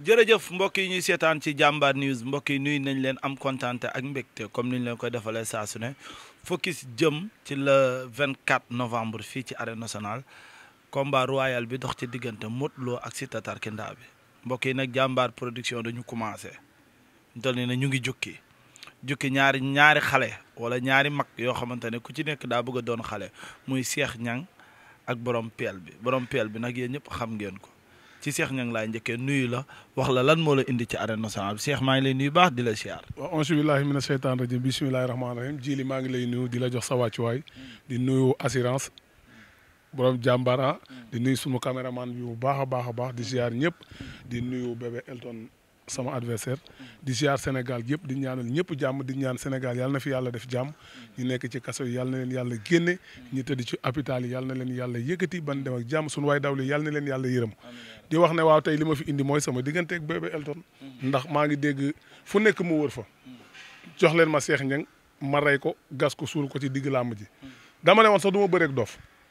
jërëjëf mbokk yi ñuy seetaan ci jàmbaar news mbokk yi nuyu nañ leen am kontaante ak mbégte comme ni ñu leen koy defalee saa su ne focus jëm ci le 24 novembre fii ci arène nationale combat royal bi dox ci diggante Modou Lo ak Siteu Tarkinda bi mbokk yi nag jàmbaar production dañu commencé dol ni na ñu ngi jukki jukki ñaari ñaari xale wala ñaari mag yoo xamante ne ku ci nekk daa bëgg a doon xale muy Cheikh Niang ak borom peel bi borom peel bi nag yéen ñëpp xam ngeen ko ci Cheikh Niang laay njëkkee nuyu la wax la lan moo la indi ci arène nationale bi Cheikh maa ngi lay nuyu baax di la siyaar waaw ansu billahi mina sheytaan rajim bismillahi rahmaani rahim ji li maa ngi lay nuyu di la jox sa wàccuwaay di nuyu assurance borom jàmbara ah. di nuyu sunu caméraman bi bu baax a baax a baax di siyaar ñëpp di nuyu bébé Elton sama adversaire di ziar Sénégal yëpp di ñaanal ñëpp jàmm di ñaan Sénégal yàlla na fi yàlla def jàmm ñu nekk ci kaso yi yàlla na leen yàlla génne ñu tëdd ci hôpital yi na leen yàlla yëkkati ban dem ak jàmm suñu waay dawli yàlla na leen yàlla yërëm di wax ne waaw tey li ma fi indi mooy sama diggante ak bébé mhm. ndax maa ngi dégg fu nekk mu wër fa mhm. jox leen ma Cheikh Niang ma rey ko gas ko suul ko ci digg làmb ji mhm. dama ne woon sax du ma bëreeg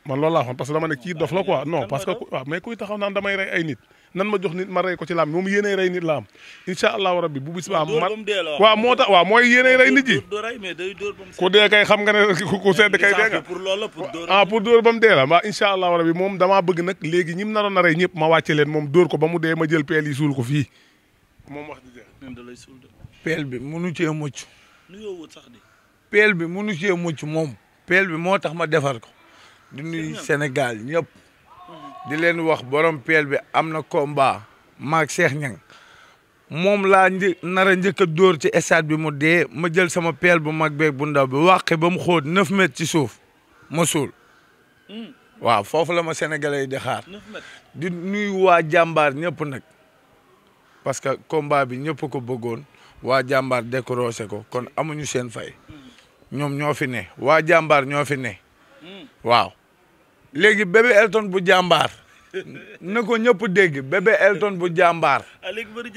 man loolu laa xoon dama ne kii dof la quoi non parce nit nan ma jox nit ma rey ko ci laam moom yéenay rey nit laam incha allahu rabbi bu bis ba ma waaw moo tax waaw mooy yéenay rey nit ji ku dee kay xam nga ne ku sedd kay dee nga ah pour dóor ba mu dee la waaw incha allahu rabbi moom damaa bëgg nag léegi ñim naroon na rey ñëpp ma wàcce leen moom dóor ko ba mu dee ma jël peel yi suul ko fii moom wax di jeex peel bi munu cee bi munu cee mucc moom peel bi moo tax ma defar ko du nuy Sénégal ñëpp di leen wax borom peel bi am na komba maag Cheikh Niang moom laa nar njëkk a dóor ci stade bi mu dee ma jël sama peel bu mag beeg bu ndaw bi wàqe ba mu xóot neuf mètres ci suuf ma suul hmm. waaw foofu la ma sénégalais yi di xaar di nuyu waa jàmbaar ñëpp nag parce que combat bi ñëpp ko bëggoon waa jàmbaar décroché ko kon amuñu seen fay hmm. ñoom ñoo fi ne waa jàmbaar ñoo fi ne hmm. waaw léegi bébé Elton bu jàmbaar na ko ñëpp dégg bébé Elton bu jàmbaar. ah léegi mbëru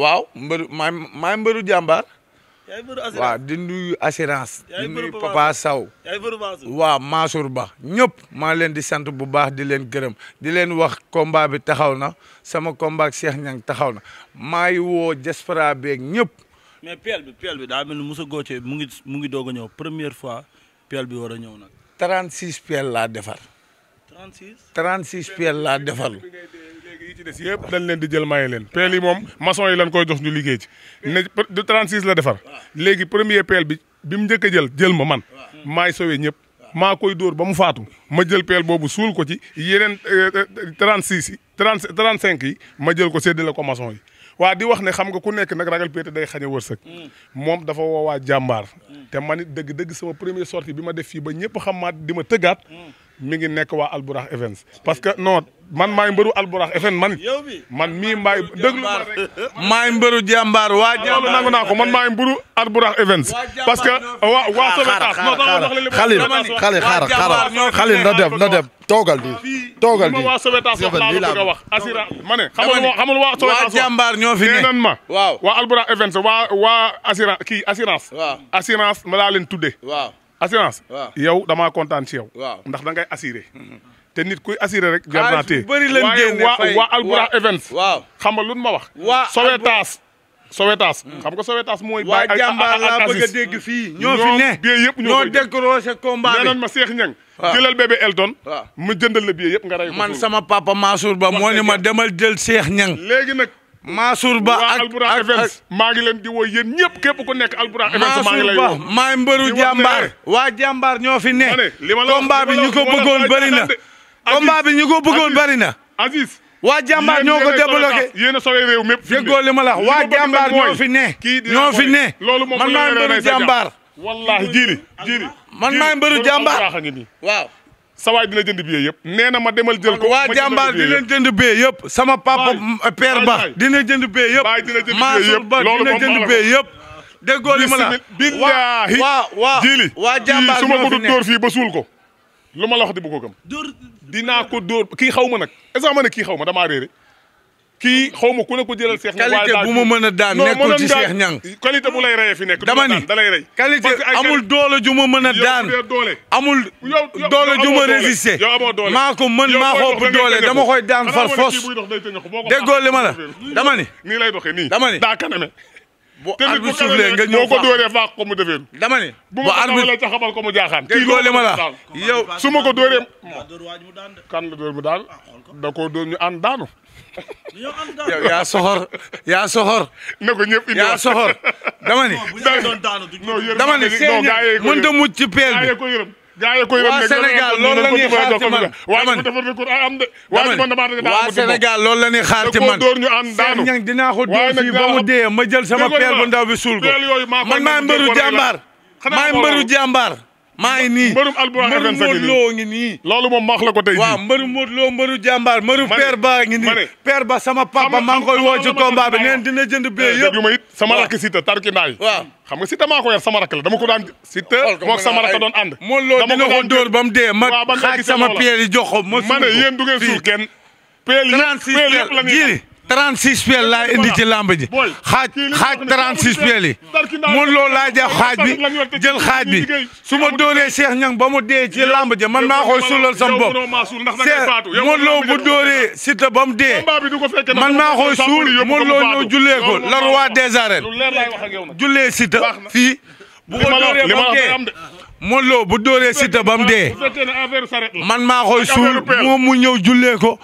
waaw mbëru maa maa mbëru jàmbaar. assurance waaw di nuyu assurance. di nuyu Papa Sow. waaw Mansour Ba ñëpp. maa leen di sant bu baax di leen gërëm di leen wax combat bi taxaw na sama combat ak Cheikh Niang taxaw na maa ngi woo Jaspera beeg ñëpp. mais peel bi piel bi daa mel ni Moussa Gauthie mu ngi mu ngi doog a ñëw première fois peel bi war a ñëw nag. 36 peel laa defar. 36 peel laa defal. léegi yi ci des yëpp dañ leen di jël maye leen peel yi moom maçon yi lañ koy jox ñu liggéey ci ne de 36 la defar léegi premier peel bi bi mu njëkk a jël jël ma man maay sowee ñëpp. maa koy dóor ba mu faatu ma jël peel boobu suul ko ci yeneen 36 euh, euh, euh, yi 30 35 yi ma jël ko séddale ko maçon yi waa di wax ne xam nga ku nekk nag ragal péete day xañ a wërsëg mm. moom dafa woowaa jàmbaar mm. te man it dëgg-dëgg sama premier sortie bi ma def fii ba ñëpp xam maa di ma tëggaat mm. mi ngi nekk waa Alburax Events parce que non man maay mbëru Alburax Events man man mii maay déglu ma rek maay waa ah, naa ko man maay mbëru Alburax Events parce que waa waa Sowetaas non xalil di toogal di waa Sowetaas wax laa bëgg a wax assira ma ne xamul waa Sowetaas waa jàmbaar waa Alburax Events waa waa assira kii assurance assurance ma leen tudde waaw assurance. waaw yow damaa kontaan ci waaw ndax dangay ngay assuré. te nit kuy assuré rek. jar naa tee waaye waa waa Albourakh Events. waaw xam nga lu ma wax. waa Sowetaas. Sowetaas hmm. xam nga Sowetaas mooy. waa jàmbaar laa bëgg a dégg fii. ñoo fi ne ñoo yëpp ñoo décroché combat bi ma Cheikh Niang. waaw jëlal bébé Elton. mu jëndal la billet yëpp nga rey ko. man sama papa Mansour Ba moo ne ma demal jël Cheikh Niang. léegi nag. Mansour Ba ak maa ngi leen di woo ñëpp képp ku nekk Alburaax FM maa ngi lay woo maay mbëru jàmbaar waa jàmbaar ñoo fi ne combat bi ñu ko bëggoon bëri na combat bi ñu ko bëggoon bëri na Aziz waa jàmbaar ñoo ko débloqué yéen a sowee réew mépp déggoo li ma la wax waa jàmbaar ñoo fi ne ñoo fi ne man maay mbëru jàmbaar wallahi jili jili man maay mbëru jàmbaar waaw sawaay dina jënd billet yëpp nee na ma demal jël ko waa jàmbaar dina jënd billet yëpp sama papa eh, père ba dina jënd billet yëpp baay dina jënd billet yëpp ba dina jënd billet yëpp déggoo waa waa jili waa ma ko du dóor fii ba suul ko lu ma la wax di bu ko gëm ko dóor kii xaw ma nag est-ce que ma ne kii xaw ma damaa kii xaw ma ku ne ko jëlal Cheikh Niang qualité ma mën a daan nekkul ci Cheikh Niang qualité bu lay reyee fi nekk dama ni da lay rey qualité amul doole ju ma mën a daan amul doole ju ma résister maa ko mën maa ko ëpp doole dama koy daan far fos déggoo li ma la dama ni nii lay doxee nii dama ni daa kaname bu arbitre soufflé nga ñëw ko dóoree faax ko mu defee dama ne bu ma ko la ca xamal ko mu jaaxaan kii loolu ma la yow su ma ko dóoree kan la dóor mu daan ah, da koo dóor ñu ànd daanu yow yaa soxor yaa soxor. na ko ñëpp indi yaa soxor. dama ni dama ni seen mënut a mucc ci peel bi. gaa yi koy waa Sénégal loolu la ñuy xaar ci man waa Sénégal loolu la ñuy xaar ci man seen ñang dinaa ko dóor fii ba mu dee ma jël sama peel bu ndaw bi suul ko man maay mbëru jàmbaar maay mbëru jàmbaar maa ngi nii mbërum Alburaax FM sa ngi nii loo loolu moom maax la ko tey jii waaw mbëru Modou Lo mbëru jàmbaar mbëru père ba ngi nii père ba sama papa maa ngi koy woo ci combat bi neen dina jënd bee eh, yëpp déglu ma it sama rakk tar ki ndaay waaw xam nga Siteu maa ko yar sama rakk la dama ko daan Siteu mook sama rakk doon ànd Modou Lo dina ko dóor ba mu dee ma xaaj sama peel yi jox ma ne yéen du ngeen suur kenn peel yi peel yëpp la ñuy 36 peel laa indi ci làmb ji xaaj xaaj 36 peel yi mun loo laajee xaaj bi jël xaaj bi su ma dóoree Cheikh Niang ba mu dee ci làmb ji man maa koy sulal sam bopp Cheikh mun loo bu dóoree Siteu ba mu dee man maa suul mun loo ñëw jullee ko la roi des arènes jullee Siteu fii bu ko dóoree ba mu dee Modou Lo bu dóoree Siteu ba mu dee. man maa suul moom mu ñëw jullee ko.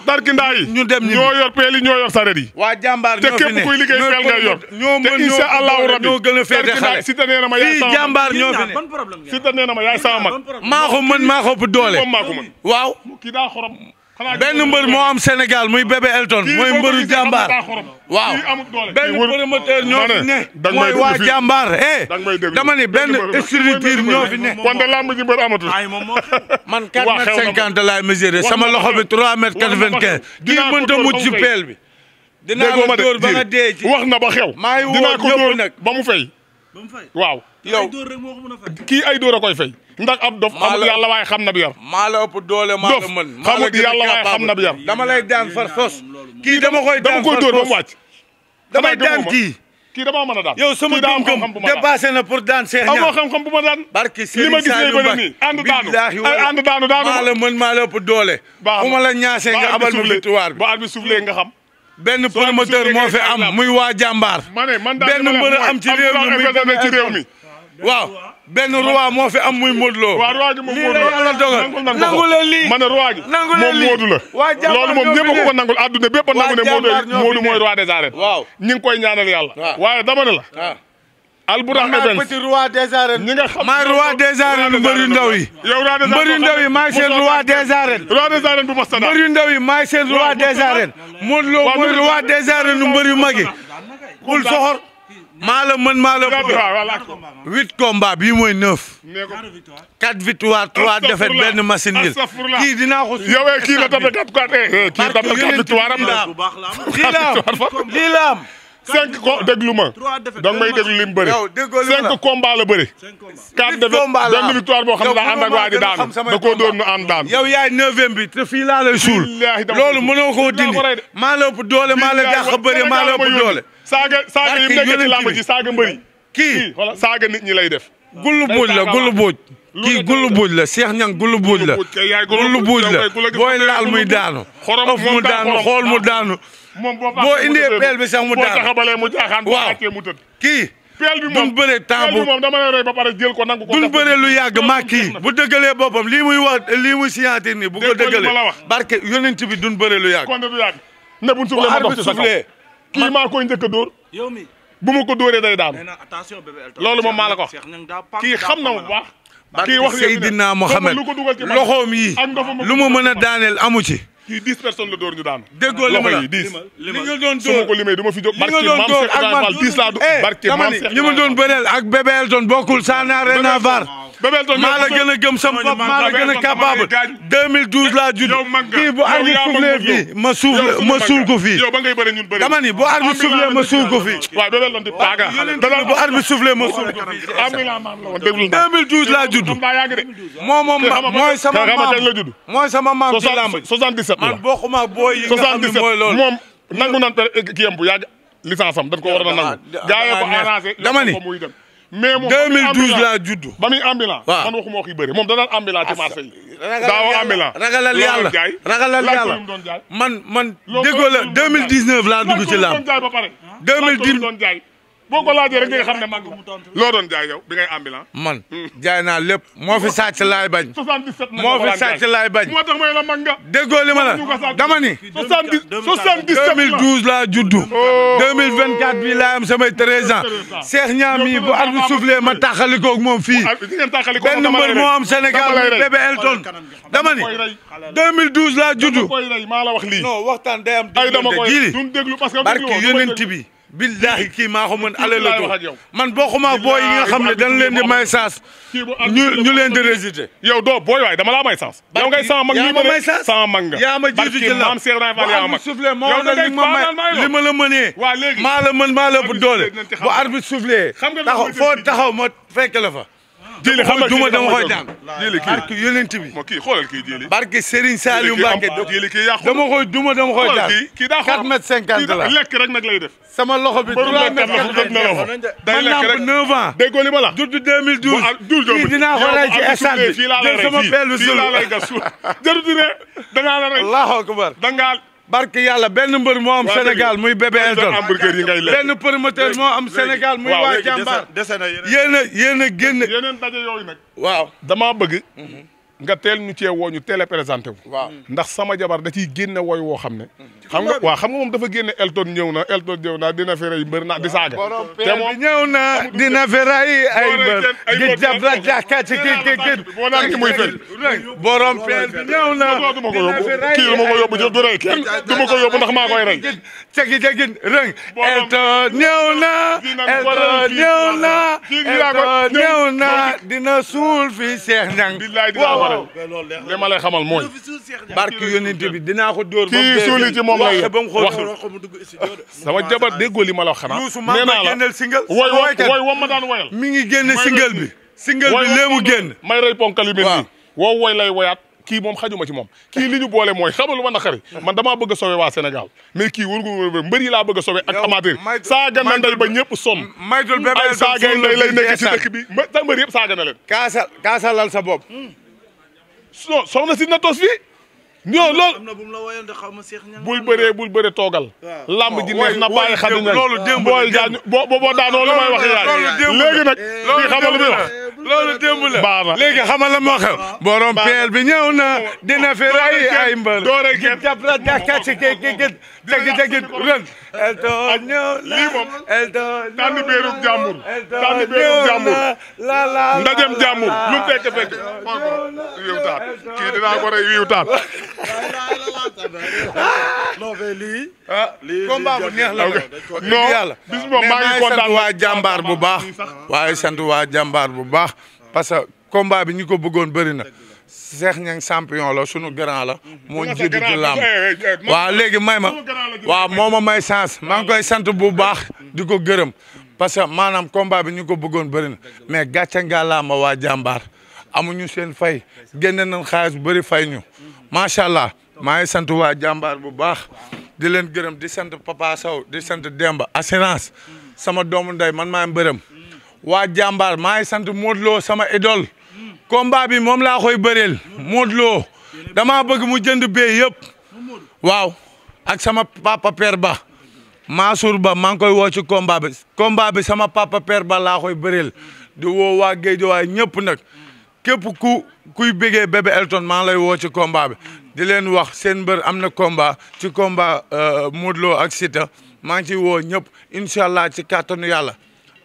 ñu dem ñoo yor peel yi ñoo yor saret waa jàmbaar ñoo fi ne te képp kuy liggéey peel ngay yor. a ma yaay sama mag fii jàmbaar ñoo fi ne. Siteu nee na ma yaay sama mag. maa ko mën maa ko bu doole. waaw. kii daa ben mbeur mo am Sénégal muy bébé Elton moy mbeuru jambar waaw ben mbeuru moteur ñoo fi ne moy wa jambar eh dama ni ben structure ñoo fi ne. kon de lamb ji mbër amatul. man 4 mètre 50 la mesurer sama loxo bi 3 mètre 95 di mënta mu ci pel bi. dina ko dóor ba nga dé ci wax na ba xew. dina ko door nak ba mu fay ba mu fay. waaw yow ay door rek fay ki ay dóor akoy fay. ndax ab dof xamut yàlla waaye xam na bi yar maa la ëpp doole maa la mën dof xamut na bi yar dama lay daan far sos kii dama koy daan far dama koy kii kii damaa mën a daan yow sama gëm-gëm dépassé na pour daan Cheikh xam bu ma daan barki li ma gis lay bëri nii ànd daanu ànd daanu daanu maa la mën maa la ëpp doole bu ma la ñaasee nga abal ma victoire bi ba at bi suuflee nga xam benn promoteur moo fi am muy waa jàmbaar ma ne man benn mbër am ci réew mi waaw benn roi moo fi am muy Modou Lo. waaw roi gi moom Modou la yàlla dogal nangu la. waa loolu moom ñëpp a ko nangul àdduna bépp a nangu ne mooy roi des arènes. waaw ñu ngi koy ñaanal yàlla. waaye dama ne la. waaw Albourakh Events petit roi des arènes. ñi nga xam maay roi des arènes mbëri yi. yow roi des arènes mbëri ndaw yi maay seen roi des arènes. mooy roi des arènes mbëri mag yi. bul maa la mën maa la huit combats bii mooy neuf. quatre victoires trois défaites benn machine nil kii dinaa ko. yow eh, kii la tapé quatre quatre eh, eh, kii tapé quatre victoire am de. lii la am lii la am. cinq ko déglu ma donc may déglu lim bëri cinq combat la bëri. quatre défaites benn victoire boo xam ne daa ànd ak waa di daanu da koo doon nu ànd daan. yow yaay neuvième bi te fii laa la suul loolu mënoo koo dindi maa la ëpp doole maa la dàq bëri maa la ëpp doole. saaga saaga yi mu nekk ci làmb ji saaga mbëri kii wala saaga nit ñi lay def gullu buuj la gullu buuj kii gullu buuj la Cheikh Niang gullu buuj la gullu buuj la booy laal muy daanu xof mu daanu xool mu daanu boo indee peel bi sax mu daanu boo taxabalee mu jaaxaan boo àccee mu tëdd kii peel bi moom duñ bëree temps bu moom dama lay rey ba pare jël ko nangu ko duñ bëree lu yàgg maa kii bu dëggalee boppam lii muy wax lii muy scientifique nii bu ko dëggalee barke yonent bi duñ bëree lu yàgg ne buñ suuflee ma dox sa kii maa koy njëkk a dóor. yow mi bu ma ko dóoree day daanu. loolu moom maa ko wax. kii xam na mu baax. kii wax Seydina Mohamed loxoom yi lu mu mën a daaneel amu kii dóor ñu daanu. déggoo li ma la dix li nga doon dóor su ma ko limee du ma fi jóg. barke maam Seex Ibra Fall dix laa du. Eh, barke ak bébé Elton bokkul saa naa ren naa Bébé Elton maa la gën a gëm sama bopp maa la gën a capable 2012 laa judd kii bu arbitre soufflé fii ma suuf ma suul ko fii dama ni bu arbitre soufflé ma suul ko fii waaw Bébé Elton di taaga bu arbitre soufflé ma suul ko fii 2012 laa judd moom moom mooy sama maam mooy sama maam ci làmb 77 man bokkuma booy yi nga xam ne mooy loolu moom nangu naan kiyam bu yàgg licence am dañ ko war a nangu gaa ah, ah, yi ko ah, arrangé dama ni mais moom 2012 laa juddu. ba muy ambulant waaw man waxuma waxi bëri mom da daan ambulant ci marché yi. daaw ambulant yalla yàlla la yalla man man déggoo la 2019 la dugg ci lamb 2010 boo ko laajee rek di nga xam ne mag loo doon jaay yow bi ngay ambulant man naa lépp moo fi sàcc laay bañ. 77 moo fi sàcc laay bañ. moo tax may la mag nga. déggoo li ma la dama ni. 70 2012 laa juddu. 2024 bi laa am samay 13 ans. Cheikh Niang mi bu at bi soufflé ma taxalikoog moom fii. Ah, benn mbër moo am Sénégal bi bébé Elton. dama ni 2012 laa juddu. non waxtaan day am. ay dama koy déglu parce que barki yonent bi. بالله كي ما هم من على لدو من بوخما بوي يا خملي دن لين دي ماي ساس ني لين دي ريزيدي يو دو بوي واي دما لا ماي ساس يا ماي ساس يا ماي ساس يا ماي ساس يا ماي ساس يا ماي ساس يا ماي ساس يا ماي ساس يا ماي ساس يا ماي ساس يا ماي ساس يا ماي ساس يا ماي ساس يا ماي ساس يا ماي ساس يا ماي jëli xamal duma dama koy daan jëli kii barke yonent bi mo kii xoolal kii jëli barke Serigne Saliou Mbacké jëli kii yàqu dama koy duma dama koy daan kii daa 4 mètre 50 la lekk rek nag lay def sama loxo bi 3 mètre 50 na loxo day lekk rek 9 ans déggoo li ma la judd 2012 kii dinaa ko rey ci estade bi jël sama pelle bi sul fii laa lay gas suul jëru dire dangaa la rey Allahu akbar dangaa barke yàlla benn mbër moo am Sénégal muy bébé Elton benn promoteur moo am Sénégal muy waa jàmbaar yéen a yéen a génn yeneen daje yooyu waaw damaa bëgg mhm. nga teel ñu cee woo ñu teel a présenté ndax sama jabar da ciy génne woy woo xam ne. Mm. xam nga waaw xam nga moom dafa génne Elton ñëw na Elton ñëw na dina fi rey mbër na di saaga. te moom ñëw na dina fi rey ay mbër di jàpp la jàkka ci kii kii kii. boo naan ki muy fenn. borom peel bi ñëw na dina ko yóbbu kii duma ko yóbbu du rey kenn duma ko yóbbu ndax maa koy rey. cegi cegi rëng. Elton ñëw na. Elton na. Elton ñëw na dina suul fii Cheikh Niang. pare li ma lay xamal mooy. barke yonent bi dinaa ko dóor. kii suuli ci moom lay wax sama jabar déggoo li ma la wax xanaa. nee naa la woy woy woy ma daan woyal. mi ngi génne single bi. single bi léemu génn. may rey ponkal yu mel nii. waaw woo woy lay woyaat. kii moom xajuma ci moom kii li ñu boole mooy xamal lu ma naqari man damaa bëgg a sowe waa Sénégal mais kii wërgu wër mbër yi laa bëgg a sowe ak amateur saaga na ndey ba ñëpp sonn ay saaga ndey lay nekk ci dëkk bi mbër yëpp saaga na leen kaasal kaasalal sa bopp so soxna si na tos fii. non loolu am na bu mu la woyoon de xaw ma Cheikh Niang bul bëree bul bëree toogal. lamb ji neex na bàyyi xam ne loolu démb bool jaan boo boo daanoo li may wax yaay léegi nag fii xamal lu muy wax. loolu démb la na léegi xamal la moo xew. borom peel bi ñëw na dina fi ray ay mbër. doore Elton ñëw na lii moom. Elton ñëw na ndajem jàmbur lu fekk fekk. xool ko wiiw taal kii dinaa ko rey wiiw ah. bu neex la maa ngi kontaan waa jàmbaar bu baax. waaye sant waa jàmbaar bu baax. parce que combat bi ñi ko bëggoon bëri na. Cheikh Niang champion la sunu grand la. Mhm. moo jiitu ci làmb eh, eh, eh, waaw léegi may ma waaw moo ma may chance maa ngi koy sant bu baax mhm. di ko gërëm mhm. parce que maanaam combat bi ñu ko bëggoon bëri na mais gàcce ngàllaama waa jàmbaar amuñu seen fay génne nañ xaalis bu bëri fay ñu macha allah maa ngi sant waa jàmbaar bu baax di leen gërëm di sant Papa di sant Demba assurance sama doomu ndey man maa bërëm waa jàmbaar maa ngi sant Modou sama idole combat bi moom laa koy bëreel Modou Lo damaa bëgg mu jënd bee yëpp waaw ak sama papa père ba Mansour ba maa ngi koy woo ci combat bi combat bi sama papa père ba laa koy bëreel di woo waa Guédiawaye ñëpp nag képp ku kuy bégee bébé Elton maa lay woo ci komba bi di leen wax seen mbër am na combat ci combat euh, Modou Lo ak Siteu maa ngi ciy woo ñëpp incha ci kattanu yàlla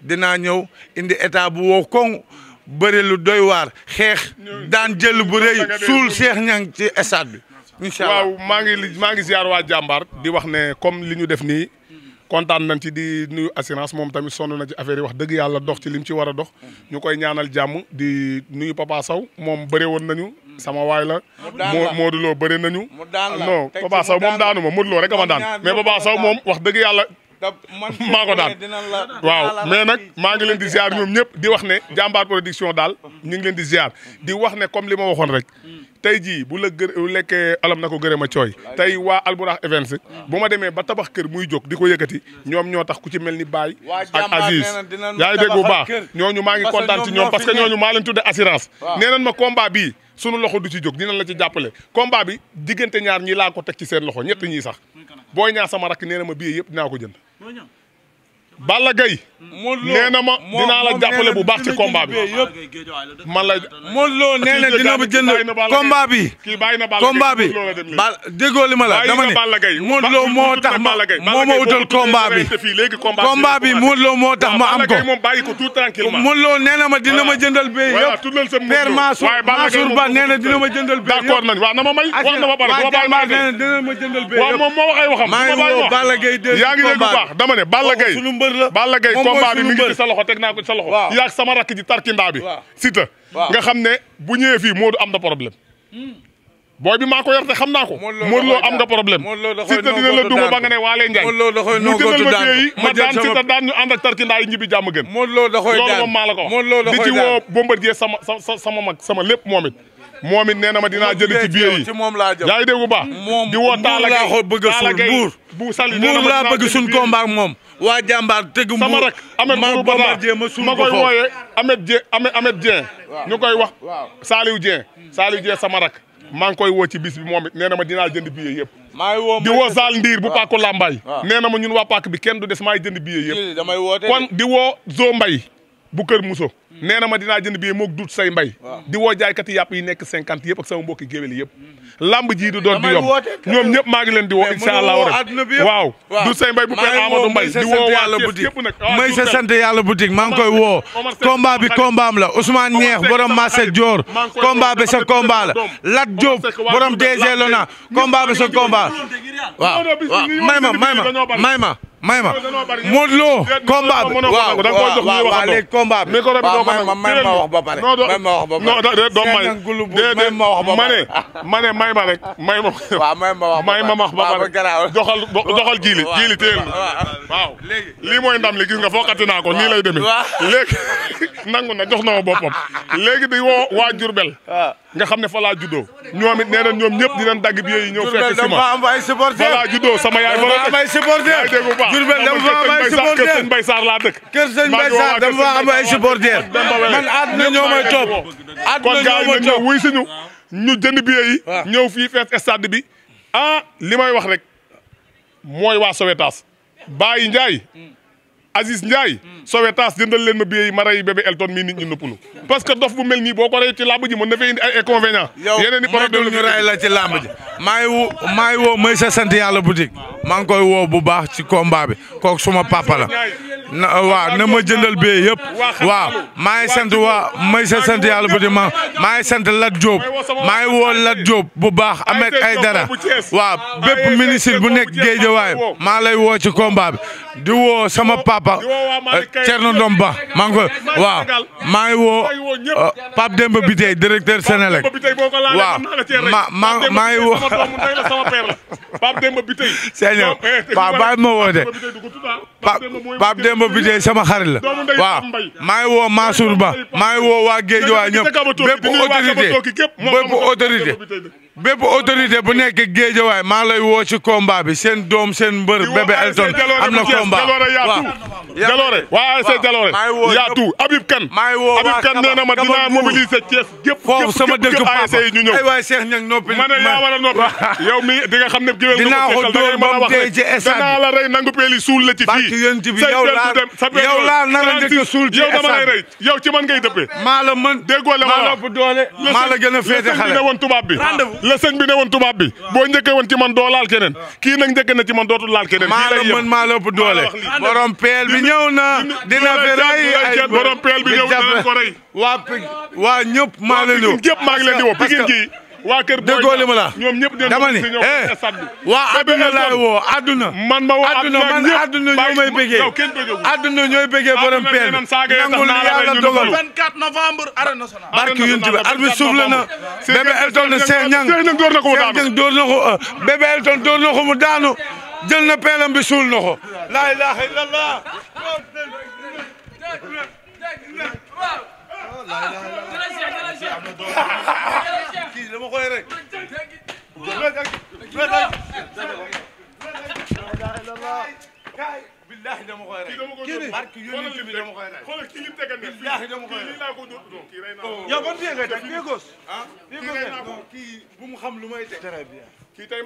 dinaa ñëw indi état bu woo koŋ bëri lu doy waar xeex daan jël bu rëy suul Cheikh Niang ci stade bi. incha allah waaw maa ngi maa ngi ziar waa jàmbaar di wax ne comme li ñu def nii. kontaan nañ ci di nuyu assurance moom tamit sonn na ci affaire yi wax dëgg yàlla dox ci lim ci war dox ñu koy ñaanal jàmm di nuyu Papa Sow moom bëre woon nañu sama waay la moo Modou Lo bëre nañu non Papa Sow moom daanu ma Modou Lo rek a ma daan mais Papa Sow moom wax dëgg yàlla maa ko daan waaw mais nag maa ngi leen di ziar ñoom ñëpp di wax ne jàmbaar production daal mm-hmm. ñu ngi leen di ziar di wax ne comme li ma waxoon rek mm-hmm. tey jii bu la gër lekkee alam na ko gërëm a cooy tey waa Alburax Events mm-hmm. bu ma demee ba tabax kër muy jóg di ko yëkkati ñoom ñoo tax ku ci mel ni Baye ak Aziz yaa ngi dégg bu baax ñooñu maa ngi kontaan ci ñoom parce que ñooñu maa leen tudde assurance nee nañ ma combat bii sunu loxo du ci jóg dinañ la ci jàppale combat bi diggante ñaar ñi laa ko teg ci seen loxo ñett ñii sax booy ñaar sama rakk nee na ma yëpp dinaa ko jënd Balla Gaye nee na ma dinaa la jàppale bu baax ci combat bi man la. Modou Lo nee na dina ba jënd combat bi. kii bàyyi na combat bi ba déggoo li ma la dama ne. Modou Lo moo tax ma moo ma utal combat bi. combat bi Modou Lo moo tax ma am ko. Modou Lo nee na ma dina ma jëndal bee yëpp. père Mansour Mansour Ba nee na dina ma jëndal bee yëpp. d'accord nañ waaw na ma may wax na ma bare dama bàyyi maa nee na dina ma jëndal bee yëpp. waaw moom moo wax ay waxam. maa ngi woo Balla Gaye dégg combat yaa ngi dégg bu baax dama ne Balla Gaye. suñu mbër la Balla Gaye combat bi mi sa loxo teg naa ko sa loxo yaag sama rakk ji tarkindaa bi Siteu nga xam ne bu ñëwee fii Modou am na problème booy bi maa ko yor te xam naa ko Modou Lo am nga problème Siteu dina la duma ba nga ne waalee Njaay mu jëndal ma jéeyi ma daan Siteu daan ñu ànd ak tarkindaa yi ñibbi jàmm gën loolu moom maa la ko di ci woo Bombardier sama sama sama mag sama lépp moom it moom it nee na ma dinaa jëli ci biir yi yaa ngi dégg bu baax di woo Talla Gueye bëgg Talla Gueye bu sali muur laa bëgg suñ combat ak moom waa jàmbaar tëgg muur sama rek Amet Buur Bata ma koy wooyee Amet Dieng Amet Dieng ñu koy wax Saliou Dieng Saliou jee sama rek maa ngi koy woo ci bis bi moom it na ma dinaa jënd billet yëpp maa ngi woo di woo Zal Ndiir bu Pàkku Lambaay nee na ma ñun waa paak bi kenn du des maay jënd billet yëpp kon di woo Zo Mbaye bu kër Mousso. nee na ma dinaa jënd bii moog duut say mbay. di woo jaaykati yàpp yi nekk cinquante yëpp ak sama mbokki géwél yëpp. Mm-hmm. lamb jii du doon di yomb ñoom ñëpp maa ngi leen di woo. incha allah waaw duut say mbay bu père Amadou Mbay di woo waa yëpp nag. Ah, may sa sant yàlla boutique maa ngi koy woo. combat bi combat am la Ousmane Ñeex borom Massé Dior. combat bi sa combat la Lat Diop borom DG Lona combat bi sa combat waaw ma may ma may ma. may ma Modou Lo combat bi waaw waaw waaw léegi combat bi waaw may ma may ma wax ba pare may ma wax ba pare may ma wax ba pare ma ne may ma rek may ma. waaw may ma wax ba pare may ma wax ba pare joxal joxal jiili jiili teel waaw lii mooy ndam li gis nga fokkati naa ko nii lay demee léegi nangu na jox na ma boppam léegi di woo waa Diourbel. nga xam ne fa laa juddoo ñoom it nee na ñoom ñëpp dinañ dagg bi yi ñëw fekk si ma am ay supporter fa laa juddoo sama yaay fa am ay supporter kër sëñ Mbaye Sarr laa dëkk kër sëñ Mbaye Sarr dama fa am ay supporter man àdduna ñoo may topp kon gars yi ñëw wuy suñu ñu jënd bi yi ñëw fii fees stade bi ah li may wax rek mooy waa Sowetaas Baye Ndiaye Aziz Ndiaye mm. Sowetaas jëndal leen ma billet yi ma rey bébé Elton nit ñi nëppalu parce que dof bu mel nii boo ko rey ci làmb ji na fay indi ay inconvénients yeneen i rey la ci làmb ji maa ngi woo maa ngi woo mooy sa sant yàlla boutique maa ngi koy woo bu baax ci combat bi kooku suma papa la na waaw na ma jëndal bee yëpp waa maa ngi sant waa may sa sant yàlla bu di ma maa sant Lat Diop maa ngi woo Lat Diop bu baax ay dara waa bépp ministre bu nekk Guédiawaye maa lay woo ci combat bi di woo sama papa euh, Thierno Ndom Ba maa ngi ko waaw maa ngi woo euh, Pape Demba Biteye directeur Sénélec waaw ma ma maa ngi woo Pape Demba Biteye eh, ma woo de Pape Demba Biteye sama xarit la waaw maa ngi woo Mansour Ba maa ngi woo waa Géejawaay ñëpp bépp autorité bépp autorité bépp autorité bu nekk géejawaay maa ngi lay woo ci combat bi seen doom seen mbër bébé Elton am na combat waaw. jaloore waa ASC jaloore yaatu Habib Kane Habib kan nee na ma dinaa mobiliser Thiès gépp foofu sama dëkk ASC yi ñu waay Cheikh Niang noppi ma ne yaa war a yow mi di nga xam ne géwél dinaa ko dóor moom tey ci stade danaa la nangu peeli suul la ci fii yow laa yow laa nar a njëkk a suul ci yow dama lay rey yow ci man ngay dëppee maa la mën déggoo la maa la ëpp la gën a woon tubaab bi la bi ne woon tubaab bi boo njëkkee woon ci man doo laal keneen kii nag njëkkee na ci man dootul laal keneen maa la mën maa la ëpp doole borom peel bi ñëw na dina fi rey ay borom peel bi ñëw na ko rey waa waa ñëpp maa la ñëw ñëpp maa ngi leen di woo Pikine gi waa kër Boy Niang ma la eh, waa adduna laay woo adduna man ma woo adduna man adduna ñoo may bëggee adduna ñooy bëggee borom peel nangul yàlla dogal 24 novembre arène nationale barke yuntu bi arbitre souffle na ko Cheikh euh, Niang na ko mu daanu jël na peelam bi na ko la ilaha kii am na doole kii dama koy rek. billahi dama koy rey kii nii barke yonent bi dama koy rey xoolal kii lim tegal ne billahi dama koy rey laa ko doon doon kii rey naa yow ban pied ngay teg pied gauche ah pied gauche kii bu mu xam lu may teg très bien kii tey